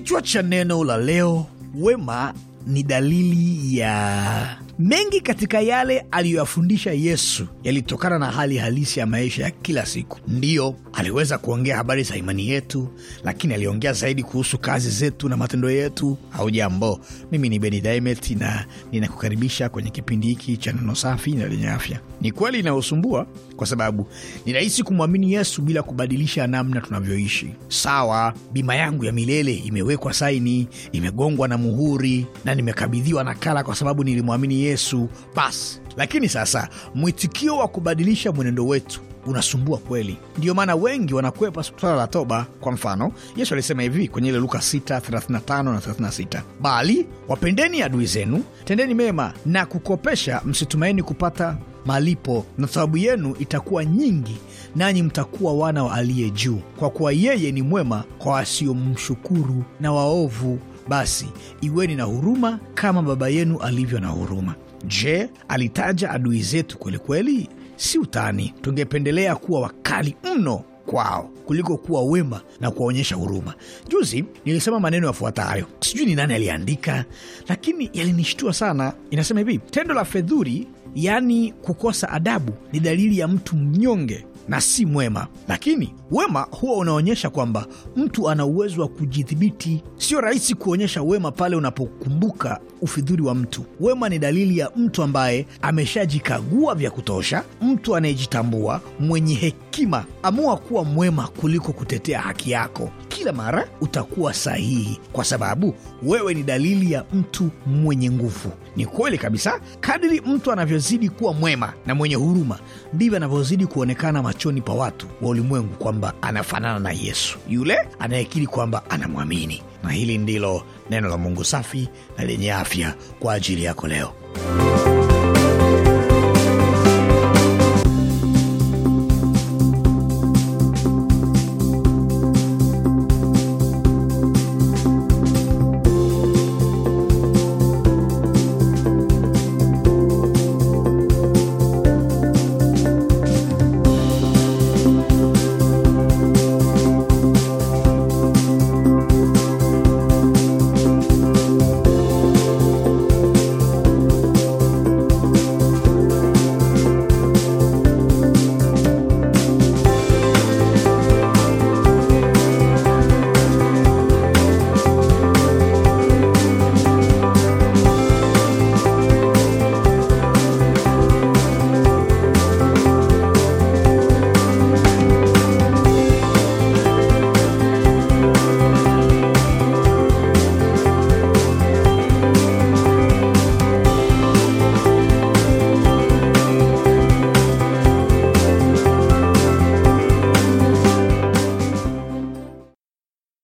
Kichwa cha neno la leo, wema ni dalili ya Mengi katika yale aliyoyafundisha Yesu yalitokana na hali halisi ya maisha ya kila siku. Ndiyo, aliweza kuongea habari za imani yetu, lakini aliongea zaidi kuhusu kazi zetu na matendo yetu. Au jambo, mimi ni Beni Daimet na ninakukaribisha kwenye kipindi hiki cha neno safi na lenye afya. Ni kweli inayosumbua, kwa sababu ni rahisi kumwamini Yesu bila kubadilisha namna tunavyoishi. Sawa, bima yangu ya milele imewekwa saini, imegongwa na muhuri na nimekabidhiwa nakala, kwa sababu nilimwamini Yesu basi. Lakini sasa mwitikio wa kubadilisha mwenendo wetu unasumbua kweli. Ndiyo maana wengi wanakwepa swala la toba. Kwa mfano, Yesu alisema hivi kwenye ile Luka 6:35 na 36, bali wapendeni adui zenu, tendeni mema na kukopesha, msitumaini kupata malipo, na sababu yenu itakuwa nyingi, nanyi mtakuwa wana wa aliye juu, kwa kuwa yeye ni mwema kwa wasiomshukuru na waovu basi iweni na huruma kama baba yenu alivyo na huruma. Je, alitaja adui zetu kwelikweli? Si utani, tungependelea kuwa wakali mno kwao kuliko kuwa wema na kuwaonyesha huruma. Juzi nilisema maneno yafuatayo, sijui ni nani aliandika, lakini yalinishtua sana. Inasema hivi: tendo la fedhuri, yaani kukosa adabu, ni dalili ya mtu mnyonge na si mwema, lakini wema huwa unaonyesha kwamba mtu ana uwezo wa kujidhibiti. Sio rahisi kuonyesha wema pale unapokumbuka ufidhuri wa mtu. Wema ni dalili ya mtu ambaye ameshajikagua vya kutosha, mtu anayejitambua, mwenye hekima hekima, amua kuwa mwema kuliko kutetea haki yako. Kila mara utakuwa sahihi, kwa sababu wewe ni dalili ya mtu mwenye nguvu. Ni kweli kabisa, kadiri mtu anavyozidi kuwa mwema na mwenye huruma, ndivyo anavyozidi kuonekana machoni pa watu wa ulimwengu kwamba anafanana na Yesu, yule anayekiri kwamba anamwamini. Na hili ndilo neno la Mungu safi na lenye afya kwa ajili yako leo.